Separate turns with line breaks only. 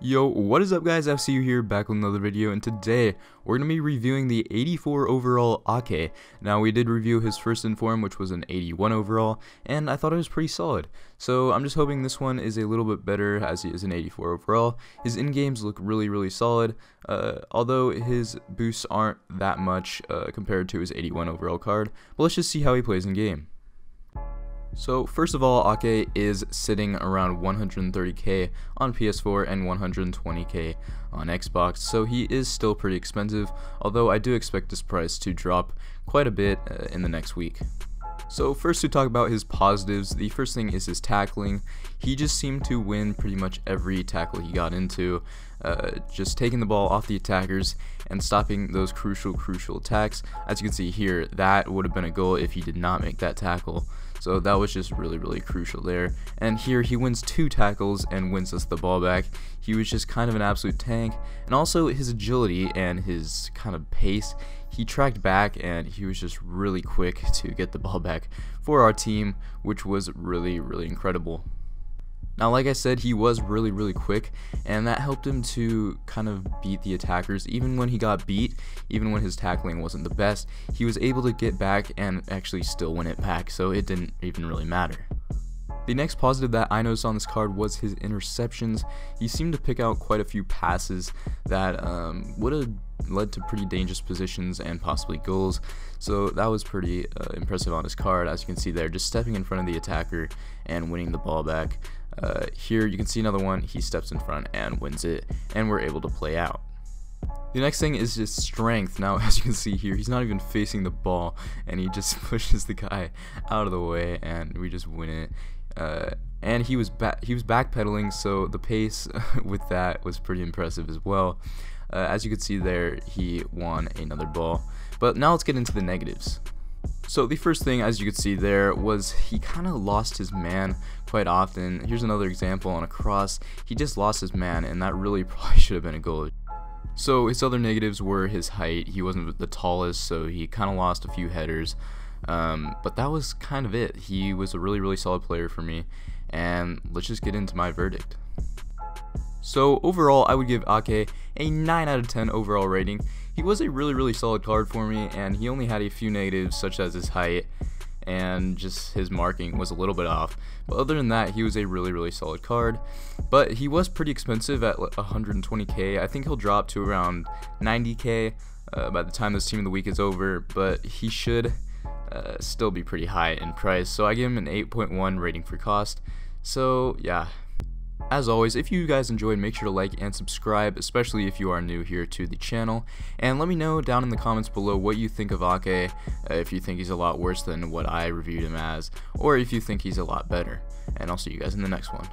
Yo, what is up guys, FCU here, back with another video, and today, we're going to be reviewing the 84 overall Ake. Now, we did review his first inform, which was an 81 overall, and I thought it was pretty solid. So, I'm just hoping this one is a little bit better, as he is an 84 overall. His in-games look really, really solid, uh, although his boosts aren't that much uh, compared to his 81 overall card, but let's just see how he plays in-game. So first of all, Ake is sitting around 130k on PS4 and 120k on Xbox, so he is still pretty expensive, although I do expect this price to drop quite a bit uh, in the next week. So first to talk about his positives, the first thing is his tackling. He just seemed to win pretty much every tackle he got into, uh, just taking the ball off the attackers and stopping those crucial, crucial attacks. As you can see here, that would have been a goal if he did not make that tackle. So that was just really, really crucial there. And here he wins two tackles and wins us the ball back. He was just kind of an absolute tank. And also his agility and his kind of pace, he tracked back and he was just really quick to get the ball back for our team, which was really, really incredible. Now, like I said, he was really, really quick, and that helped him to kind of beat the attackers. Even when he got beat, even when his tackling wasn't the best, he was able to get back and actually still win it back, so it didn't even really matter. The next positive that I noticed on this card was his interceptions. He seemed to pick out quite a few passes that um, would have led to pretty dangerous positions and possibly goals. So that was pretty uh, impressive on his card. As you can see there, just stepping in front of the attacker and winning the ball back. Uh, here you can see another one, he steps in front and wins it, and we're able to play out. The next thing is his strength. Now, as you can see here, he's not even facing the ball, and he just pushes the guy out of the way, and we just win it. Uh, and he was he was backpedaling, so the pace with that was pretty impressive as well. Uh, as you can see there, he won another ball. But now let's get into the negatives. So the first thing, as you could see there, was he kind of lost his man quite often. Here's another example on a cross. He just lost his man, and that really probably should have been a goal. So his other negatives were his height. He wasn't the tallest, so he kind of lost a few headers. Um, but that was kind of it. He was a really, really solid player for me. And let's just get into my verdict. So overall, I would give Ake a 9 out of 10 overall rating. He was a really, really solid card for me, and he only had a few negatives such as his height and just his marking was a little bit off. But other than that, he was a really, really solid card. But he was pretty expensive at 120k. I think he'll drop to around 90k uh, by the time this team of the week is over, but he should uh, still be pretty high in price. So I give him an 8.1 rating for cost. So yeah, as always, if you guys enjoyed, make sure to like and subscribe, especially if you are new here to the channel. And let me know down in the comments below what you think of Ake, uh, if you think he's a lot worse than what I reviewed him as, or if you think he's a lot better. And I'll see you guys in the next one.